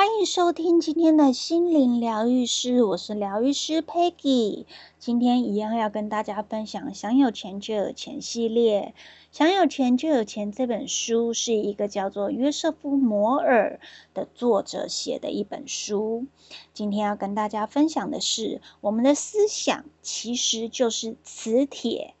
歡迎收聽今天的心靈療癒事，我是療癒師 Peggy。今天一樣要跟大家分享《想有錢就有錢》系列，《想有錢就有錢》這本書是一個叫做約瑟夫·摩爾的作者寫的一本書。今天要跟大家分享的是，我們的思想其實就是磁鐵。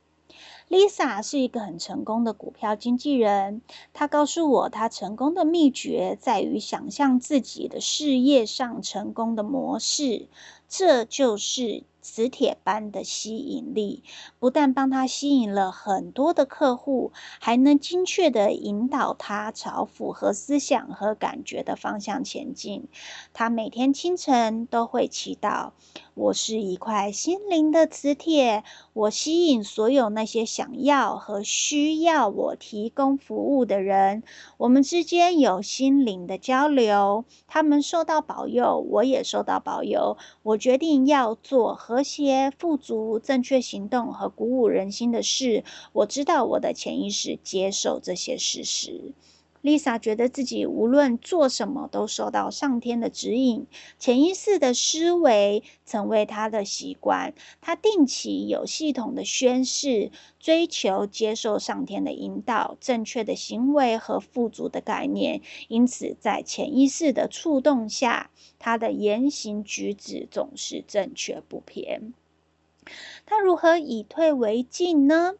Lisa 是一個很成功的股票經紀人。她告訴我，她成功的秘訣在於想象自己的事業上成功的模式。這就是磁鐵般的吸引力，不但幫他吸引了很多的客戶，還能精確地引導他朝符合思想和感覺的方向前進。他每天清晨都會祈禱：“我是一塊心靈的磁鐵，我吸引所有那些想要和需要我提供服務的人。我們之間有心靈的交流，他們受到保佑，我也受到保佑。”我。決定要做和諧、富足、正確行動和鼓舞人心的事。我知道我的潛意識接受這些事實。Lisa 覺得自己無論做什麼都受到上天的指引，潛意識的思維成為她的習慣。她定期有系統的宣誓，追求接受上天的引導，正確的行為和富足的概念。因此，在潛意識的觸動下，她的言行舉止總是正確不偏。她如何以退為進呢？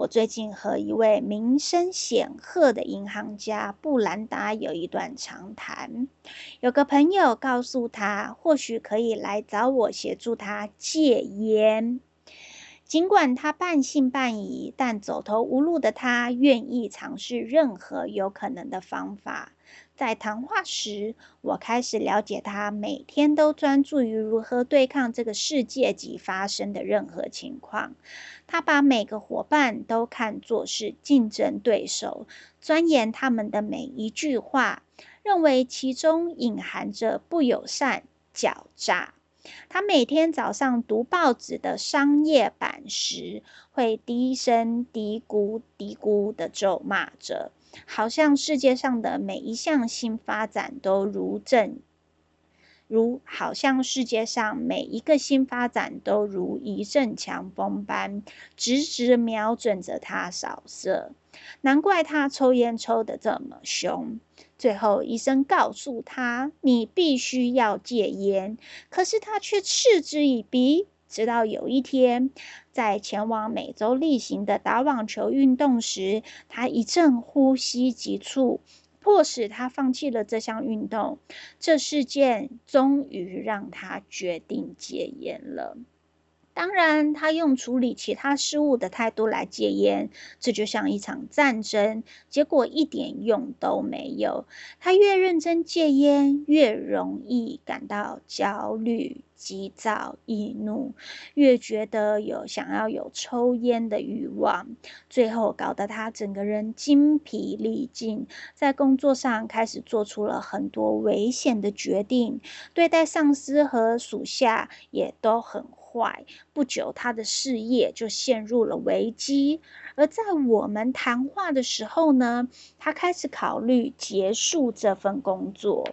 我最近和一位名聲顯赫的銀行家布蘭達有一段長談。有個朋友告訴他，或許可以來找我協助他戒煙。儘管他半信半疑，但走投無路的他願意嘗試任何有可能的方法。在談話時，我開始了解他每天都專注於如何對抗這個世界及發生的任何情況。他把每個夥伴都看作是競爭對手，鑽研他們的每一句話，認為其中隱含着不友善、狡詐。他每天早上讀報紙的商業版時，會低聲嘀咕、嘀咕地咒罵着。好像世界上的每一項新發展都如正如好像世界上每一個新發展都如一陣強風般，直直瞄準着他掃射。難怪他抽煙抽得這麼凶。最後醫生告訴他：“你必須要戒煙。”可是他卻嗤之以鼻。直到有一天，在前往美洲例行的打網球運動時，他一陣呼吸急促，迫使他放棄了這項運動。這事件終於讓他決定戒菸了。當然，他用處理其他事物的態度來戒菸，這就像一場戰爭，結果一點用都沒有。他越認真戒菸，越容易感到焦慮、急躁、易怒，越覺得有想要有抽菸的慾望。最後搞得他整個人精疲力盡，在工作上開始做出了很多危險的決定，對待上司和屬下也都很壞，不久他的事業就陷入了危機。而在我們談話的時候呢，他開始考慮結束這份工作。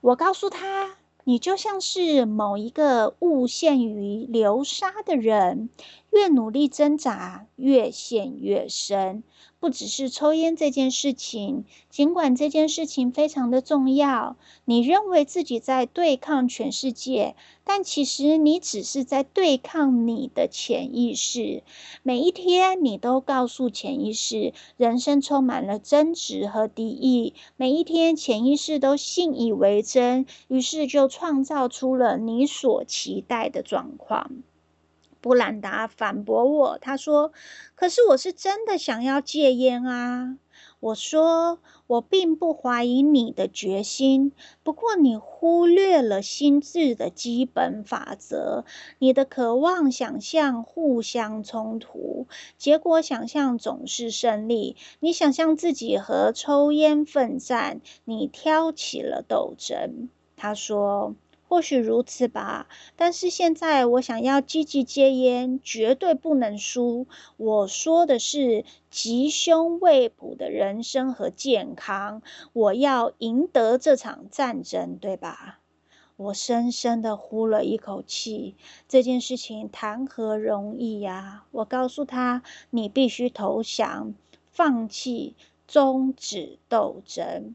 我告訴他，你就像是某一個誤陷於流沙的人。越努力掙扎，越陷越深。不只是抽菸這件事情，儘管這件事情非常的重要，你認為自己在對抗全世界，但其實你只是在對抗你的潛意識。每一天，你都告訴潛意識，人生充滿了爭執和敵意。每一天，潛意識都信以為真，於是就創造出了你所期待的狀況。布蘭達反駁我，他說：“可是我是真的想要戒菸啊！”我說：“我並不懷疑你的決心，不過你忽略了心智的基本法則。你的渴望、想象互相衝突，結果想象總是勝利。你想象自己和抽菸奮戰，你挑起了鬥爭。”他說。或許如此吧，但是現在我想要積極戒菸，絕對不能輸。我說的是吉凶未卜的人生和健康，我要贏得這場戰爭，對吧？我深深的呼了一口氣，這件事情談何容易呀、啊！我告訴他，你必須投降、放棄、終止鬥爭。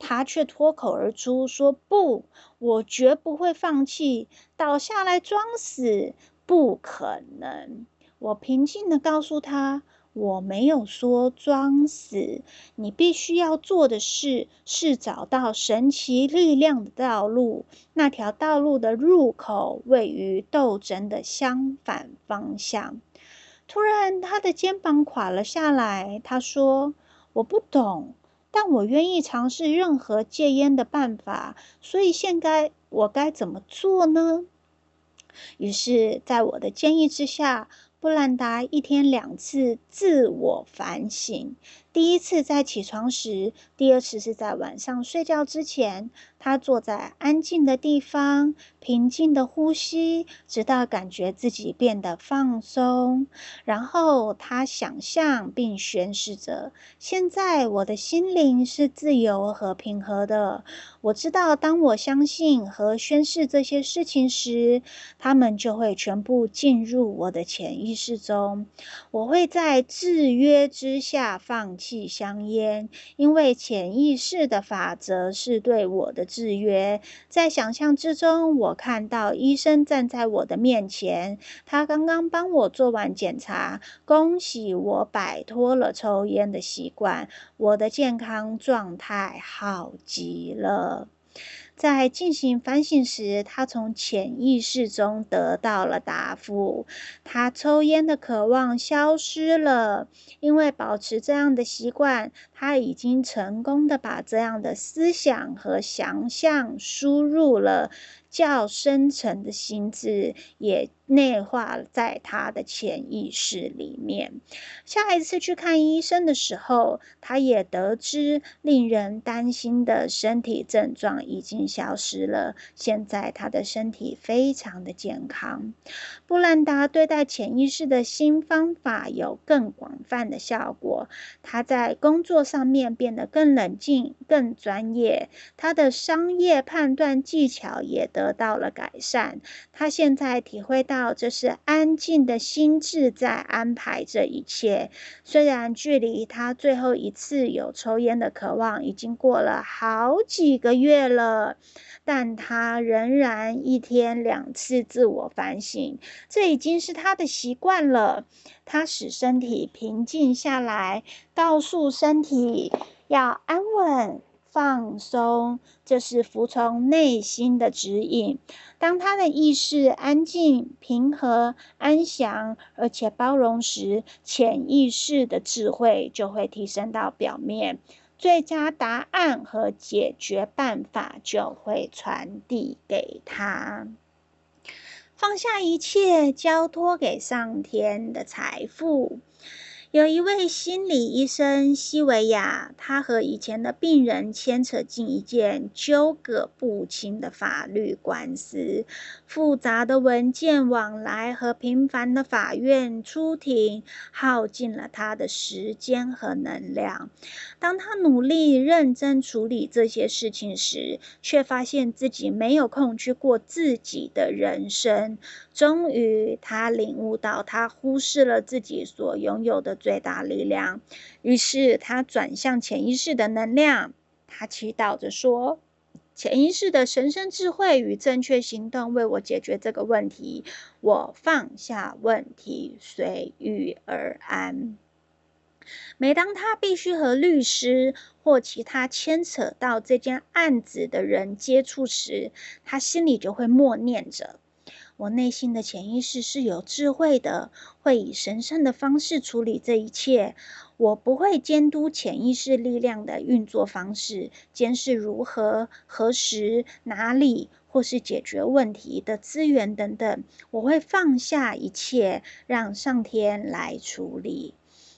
他卻脫口而出說：“不，我絕不會放棄，倒下來裝死，不可能！”我平靜地告訴他：“我沒有說裝死，你必須要做的事是找到神奇力量的道路。那條道路的入口位於鬥爭的相反方向。”突然，他的肩膀垮了下來。他說：“我不懂。”但我願意嘗試任何戒煙的辦法，所以現在我該怎麼做呢？於是，在我的建議之下，布蘭達一天兩次自我反省。第一次在起床時，第二次是在晚上睡覺之前。他坐在安靜的地方，平靜的呼吸，直到感覺自己變得放鬆。然後他想象並宣示着：“現在我的心靈是自由和平和的。我知道，當我相信和宣示這些事情時，他們就會全部進入我的潛意識中。我會在制約之下放棄。”香煙，因為潛意識的法則是對我的制約。在想象之中，我看到醫生站在我的面前，他剛剛幫我做完檢查，恭喜我擺脫了抽煙的習慣，我的健康狀態好極了。在進行反省時，他從潛意識中得到了答覆。他抽煙的渴望消失了，因為保持這樣的習慣，他已經成功的把這樣的思想和想象輸入了。較深沉的心智也內化在他的潛意識裡面。下一次去看醫生的時候，他也得知令人擔心的身體症狀已經消失了。現在他的身體非常的健康。布蘭達對待潛意識的新方法有更廣泛的效果。他在工作上面變得更冷靜、更專業。他的商業判斷技巧也得。得到了改善，他現在體會到這是安靜的心智在安排這一切。雖然距離他最後一次有抽煙的渴望已經過了好幾個月了，但他仍然一天兩次自我反省，這已經是他的習慣了。他使身體平靜下來，告訴身體要安穩。放鬆，這是服從內心的指引。當他的意識安靜、平和、安詳，而且包容時，潛意識的智慧就會提升到表面，最佳答案和解決辦法就會傳遞給他。放下一切，交托給上天的財富。有一位心理醫生西維亞，他和以前的病人牽扯進一件糾葛不清的法律官司，複雜的文件往來和頻繁的法院出庭耗盡了他的時間和能量。當他努力認真處理這些事情時，卻發現自己沒有空去過自己的人生。終於，他領悟到，他忽視了自己所擁有的。最大力量。於是他轉向潛意識的能量，他祈禱着說：“潛意識的神聖智慧與正確行動為我解決這個問題。我放下問題，隨遇而安。”每當他必須和律師或其他牽扯到這件案子的人接觸時，他心裡就會默念着。我內心的潛意識是有智慧的，會以神聖的方式處理這一切。我不會監督潛意識力量的運作方式，監視如何、何時、哪裡，或是解決問題的資源等等。我會放下一切，讓上天來處理。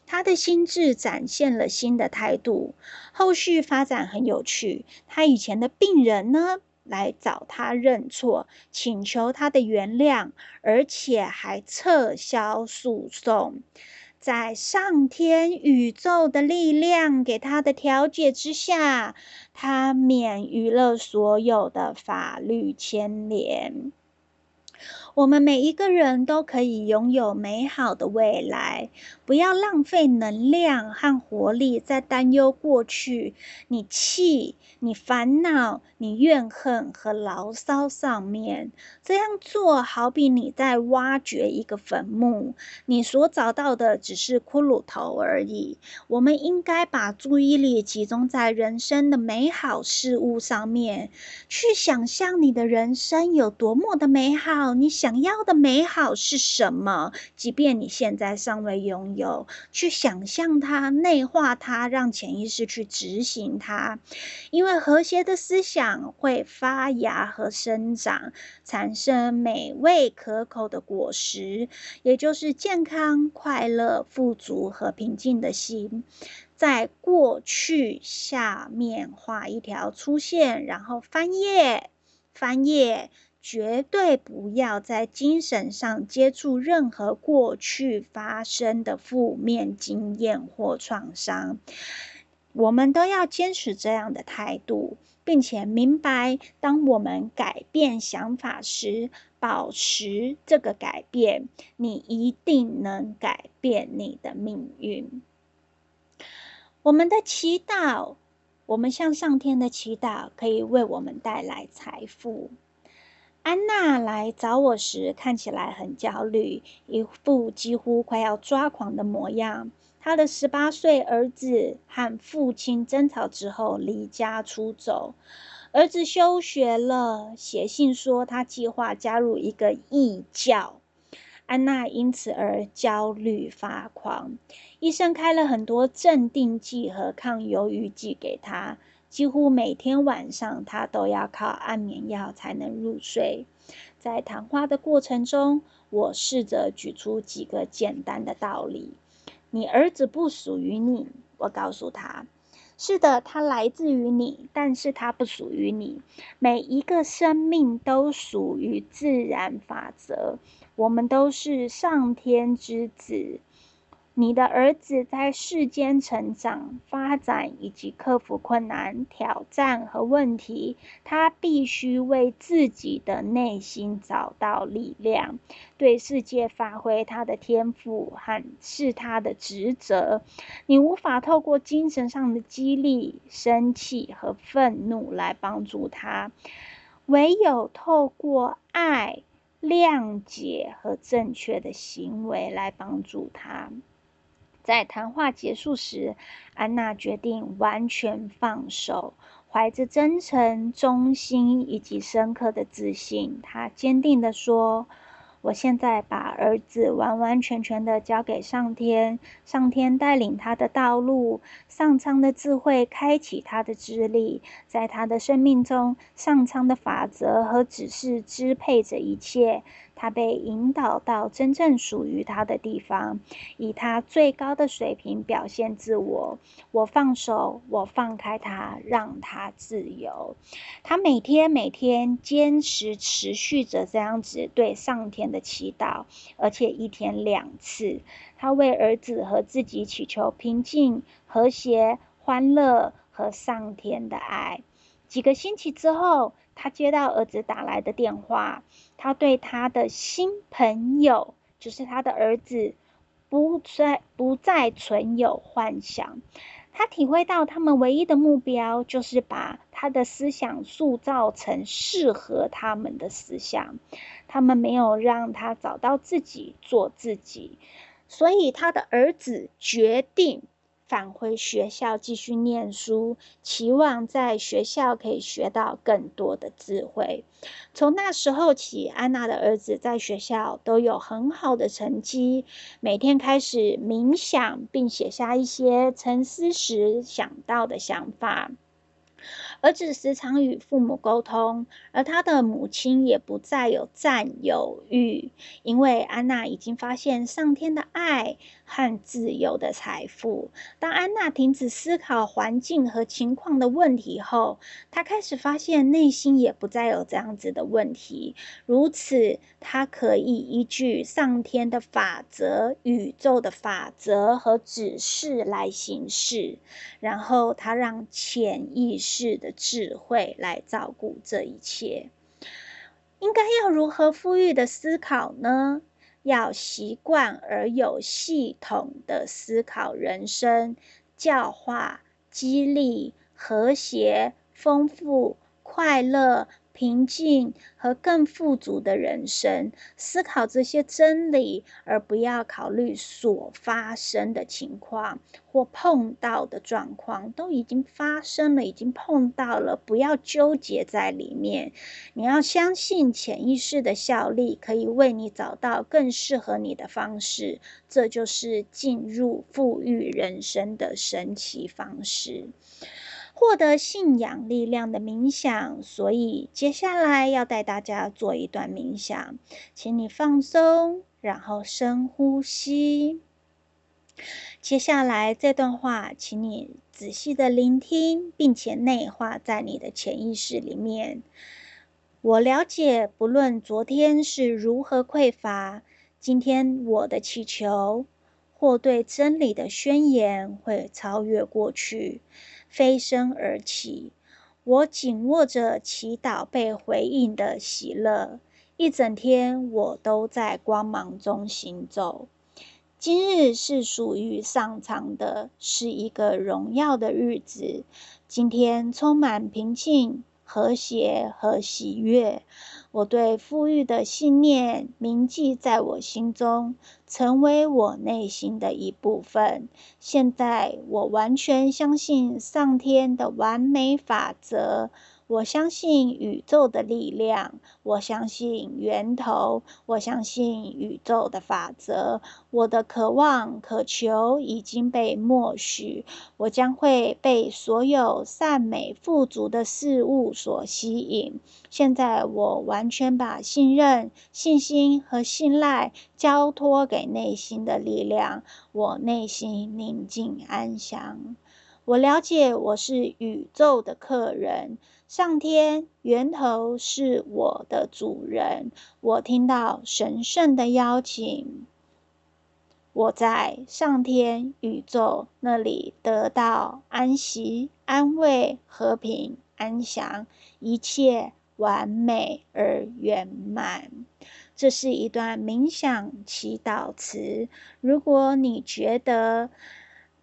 他的心智展現了新的態度，後續發展很有趣。他以前的病人呢，來找他認錯，請求他的原諒，而且還撤銷訴訟。在上天、宇宙的力量給他的調解之下，他免於了所有的法律牽連。我們每一個人都可以擁有美好的未來。不要浪費能量和活力在擔憂過去、你氣、你煩惱、你怨恨和牢騷上面。這樣做好比你在挖掘一個墳墓，你所找到的只是骷髏頭而已。我們應該把注意力集中在人生的美好事物上面，去想象你的人生有多麼的美好。你想要的美好是什麼？即便你現在尚未擁有。有去想象它，內化它，讓潛意識去執行它。因為和諧的思想會發芽和生長，產生美味可口的果實，也就是健康、快樂、富足和平靜的心。在過去下面畫一條粗線，然後翻頁，翻頁。絕對不要在精神上接觸任何過去發生的負面經驗或創傷。我們都要堅持這樣的態度，並且明白，當我們改變想法時，保持這個改變，你一定能改變你的命運。我們的祈禱，我們向上天的祈禱，可以為我們帶來財富。安娜來找我時，看起來很焦慮，一副幾乎快要抓狂的模樣。她的十八歲兒子和父親爭吵之後離家出走，兒子休學了，寫信說他計劃加入一個異教。安娜因此而焦慮發狂，醫生開了很多鎮定劑和抗憂鬱劑給她。幾乎每天晚上，他都要靠安眠藥才能入睡。在談話的過程中，我試着舉出幾個簡單的道理：你兒子不屬於你，我告訴他。是的，他來自於你，但是他不屬於你。每一個生命都屬於自然法則，我們都是上天之子。你的兒子在世間成長、發展以及克服困難、挑戰和問題，他必須為自己的內心找到力量，對世界發揮他的天賦，很是他的職責。你無法透過精神上的激勵、生氣和憤怒來幫助他，唯有透過愛、諒解和正確的行為來幫助他。在談話結束時，安娜決定完全放手，懷着真誠、忠心以及深刻的自信，她堅定地說：“我現在把兒子完完全全的交給上天，上天帶領他的道路，上蒼的智慧開啟他的智力，在他的生命中，上蒼的法則和指示支配着一切。”他被引導到真正屬於他的地方，以他最高的水平表現自我。我放手，我放開他，讓他自由。他每天每天堅持持續着這樣子對上天的祈禱，而且一天兩次。他為兒子和自己祈求平靜、和諧、歡樂和上天的愛。幾個星期之後，他接到兒子打來的電話。他對他的新朋友，就是他的兒子，不再不再存有幻想。他體會到，他們唯一的目標就是把他的思想塑造成適合他們的思想。他們沒有讓他找到自己，做自己。所以，他的兒子決定。返回學校繼續念書，期望在學校可以學到更多的智慧。從那時候起，安娜的兒子在學校都有很好的成績，每天開始冥想，並寫下一些沉思時想到的想法。兒子時常與父母溝通，而他的母親也不再有佔有欲，因為安娜已經發現上天的愛和自由的財富。當安娜停止思考環境和情況的問題後，她開始發現內心也不再有這樣子的問題。如此，她可以依據上天的法則、宇宙的法則和指示來行事。然後，她讓潛意識的智慧來照顧這一切，應該要如何富裕的思考呢？要習慣而有系統的思考人生，教化、激勵、和諧、豐富、快樂。平靜和更富足的人生，思考這些真理，而不要考慮所發生的情況或碰到的狀況，都已經發生了，已經碰到了，不要糾結在裡面。你要相信潛意識的效力，可以為你找到更適合你的方式，這就是進入富裕人生的神奇方式。獲得信仰力量的冥想，所以接下來要帶大家做一段冥想，請你放鬆，然後深呼吸。接下來這段話，請你仔細的聆聽，並且內化在你的潛意識裡面。我了解，不論昨天是如何匱乏，今天我的祈求或對真理的宣言會超越過去。飛升而起，我緊握着祈禱被回應的喜樂。一整天我都在光芒中行走。今日是屬於上蒼的，是一個榮耀的日子。今天充滿平靜、和諧和喜悅。我對富裕的信念銘記在我心中，成為我內心的一部分。現在我完全相信上天的完美法則。我相信宇宙的力量，我相信源頭，我相信宇宙的法則。我的渴望、渴求已經被默許，我將會被所有善美、富足的事物所吸引。現在，我完全把信任、信心和信賴交托給內心的力量。我內心寧靜安詳。我了解，我是宇宙的客人。上天源頭是我的主人，我聽到神聖的邀請。我在上天宇宙那裡得到安息、安慰、和平、安詳，一切完美而圓滿。這是一段冥想祈禱詞。如果你覺得，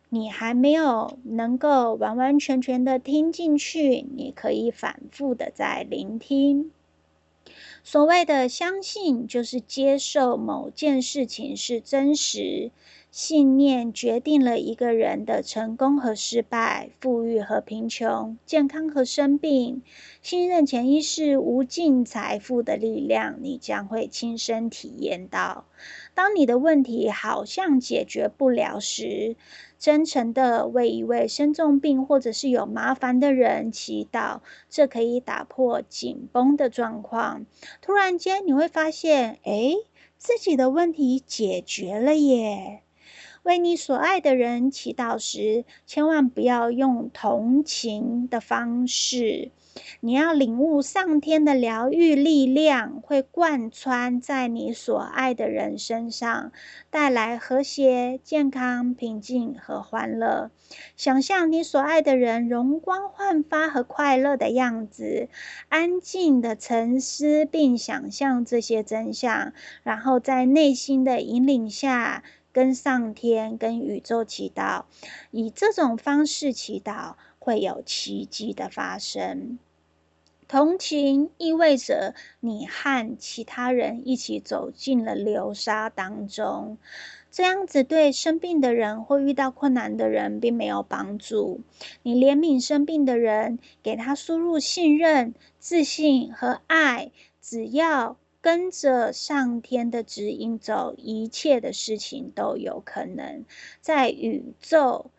你還沒有能夠完完全全的聽進去，你可以反復的再聆聽。所謂的相信，就是接受某件事情是真實。信念決定了一個人的成功和失敗、富裕和貧窮、健康和生病。信任潛意識無盡財富的力量，你將會親身體驗到。當你的問題好像解決不了時，真誠的為一位生重病或者是有麻煩的人祈禱，這可以打破緊繃的狀況。突然間，你會發現，誒，自己的問題解決了耶！為你所愛的人祈禱時，千萬不要用同情的方式。你要領悟上天的療癒力量，會貫穿在你所愛的人身上，帶來和諧、健康、平靜和歡樂。想象你所愛的人容光煥發和快樂的樣子，安靜的沉思並想象這些真相，然後在內心的引領下。跟上天、跟宇宙祈禱，以這種方式祈禱會有奇蹟的發生。同情意味着你和其他人一起走進了流沙當中，這樣子對生病的人或遇到困難的人並沒有幫助。你憐憫生病的人，給他輸入信任、自信和愛，只要。跟着上天的指引走，一切的事情都有可能。在宇宙，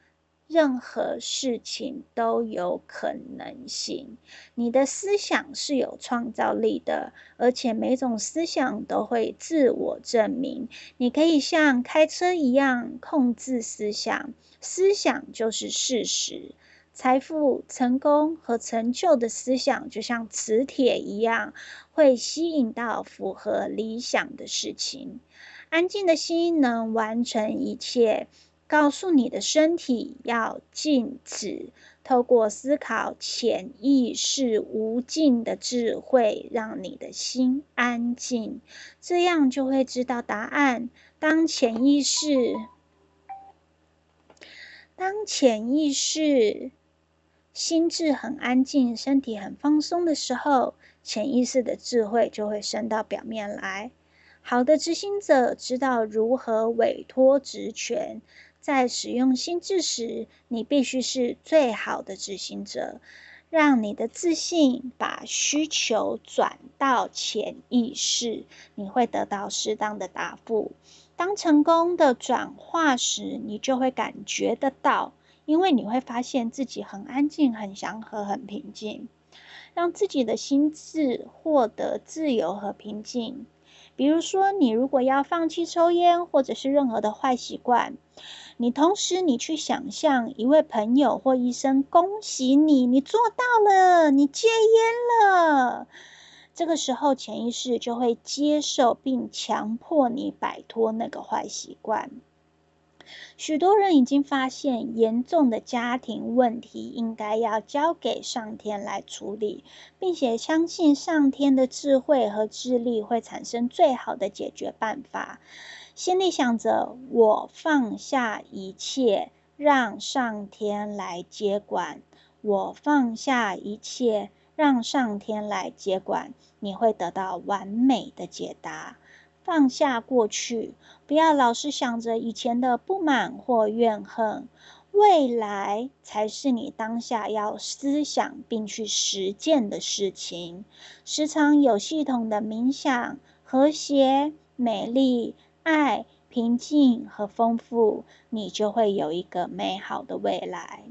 任何事情都有可能性。你的思想是有創造力的，而且每種思想都會自我證明。你可以像開車一樣控制思想，思想就是事實。財富、成功和成就的思想就像磁鐵一樣，會吸引到符合理想的事情。安靜的心能完成一切。告訴你的身體要靜止，透過思考潛意識無盡的智慧，讓你的心安靜，這樣就會知道答案。當潛意識，當潛意識。心智很安靜，身體很放鬆的時候，潛意識的智慧就會升到表面來。好的執行者知道如何委托職權，在使用心智時，你必須是最好的執行者。讓你的自信把需求轉到潛意識，你會得到適當的答覆。當成功的轉化時，你就會感覺得到。因為你會發現自己很安靜、很祥和、很平靜，讓自己的心智獲得自由和平靜。比如說，你如果要放棄抽菸，或者是任何的壞習慣，你同時你去想象一位朋友或醫生恭喜你，你做到了，你戒菸了。這個時候潛意識就會接受並強迫你擺脫那個壞習慣。許多人已經發現，嚴重的家庭問題應該要交給上天來處理，並且相信上天的智慧和智力會產生最好的解決辦法。心裡想着：我放下一切，讓上天來接管；我放下一切，讓上天來接管。你會得到完美的解答。放下過去。不要老是想着以前的不滿或怨恨，未來才是你當下要思想並去實踐的事情。時常有系統的冥想，和諧、美麗、愛、平靜和豐富，你就會有一個美好的未來。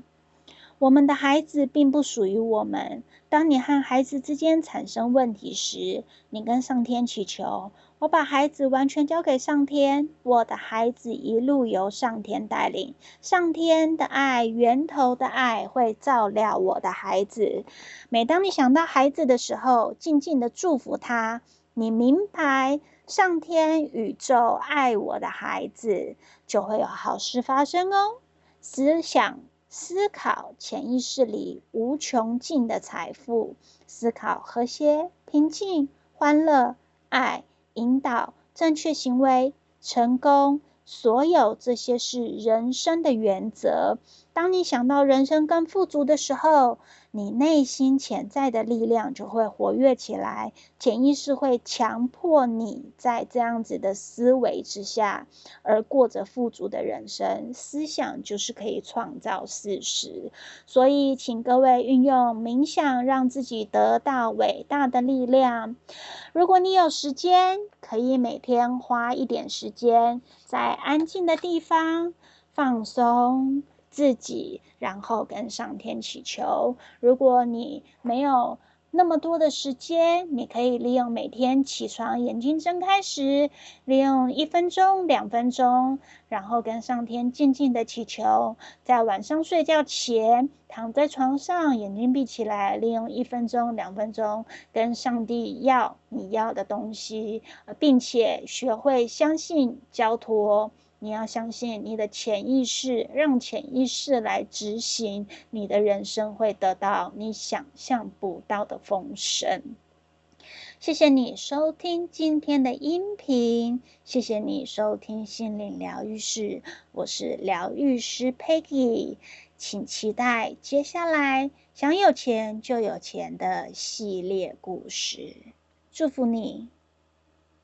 我們的孩子並不屬於我們。當你和孩子之間產生問題時，你跟上天祈求：“我把孩子完全交給上天，我的孩子一路由上天帶領。上天的愛，源頭的愛會照料我的孩子。每當你想到孩子的時候，靜靜地祝福他。你明白，上天、宇宙愛我的孩子，就會有好事發生哦。思想。思考潛意識裡無窮盡的財富，思考和諧、平靜、歡樂、愛、引導、正確行為、成功，所有這些是人生的原則。當你想到人生更富足的時候，你內心潛在的力量就會活躍起來，潛意識會強迫你在這樣子的思維之下，而過着富足的人生。思想就是可以創造事實，所以請各位運用冥想，讓自己得到偉大的力量。如果你有時間，可以每天花一點時間，在安靜的地方放鬆。自己，然後跟上天祈求。如果你沒有那麼多的時間，你可以利用每天起床眼睛睜開時，利用一分鐘、兩分鐘，然後跟上天靜靜的祈求。在晚上睡覺前，躺在床上眼睛閉起來，利用一分鐘、兩分鐘跟上帝要你要的東西，並且學會相信交托。你要相信你的潛意識，讓潛意識來執行，你的人生會得到你想象不到的豐盛。謝謝你收聽今天的音頻，謝謝你收聽心靈療癒事。我是療癒師 Peggy，請期待接下來想有錢就有錢的系列故事，祝福你。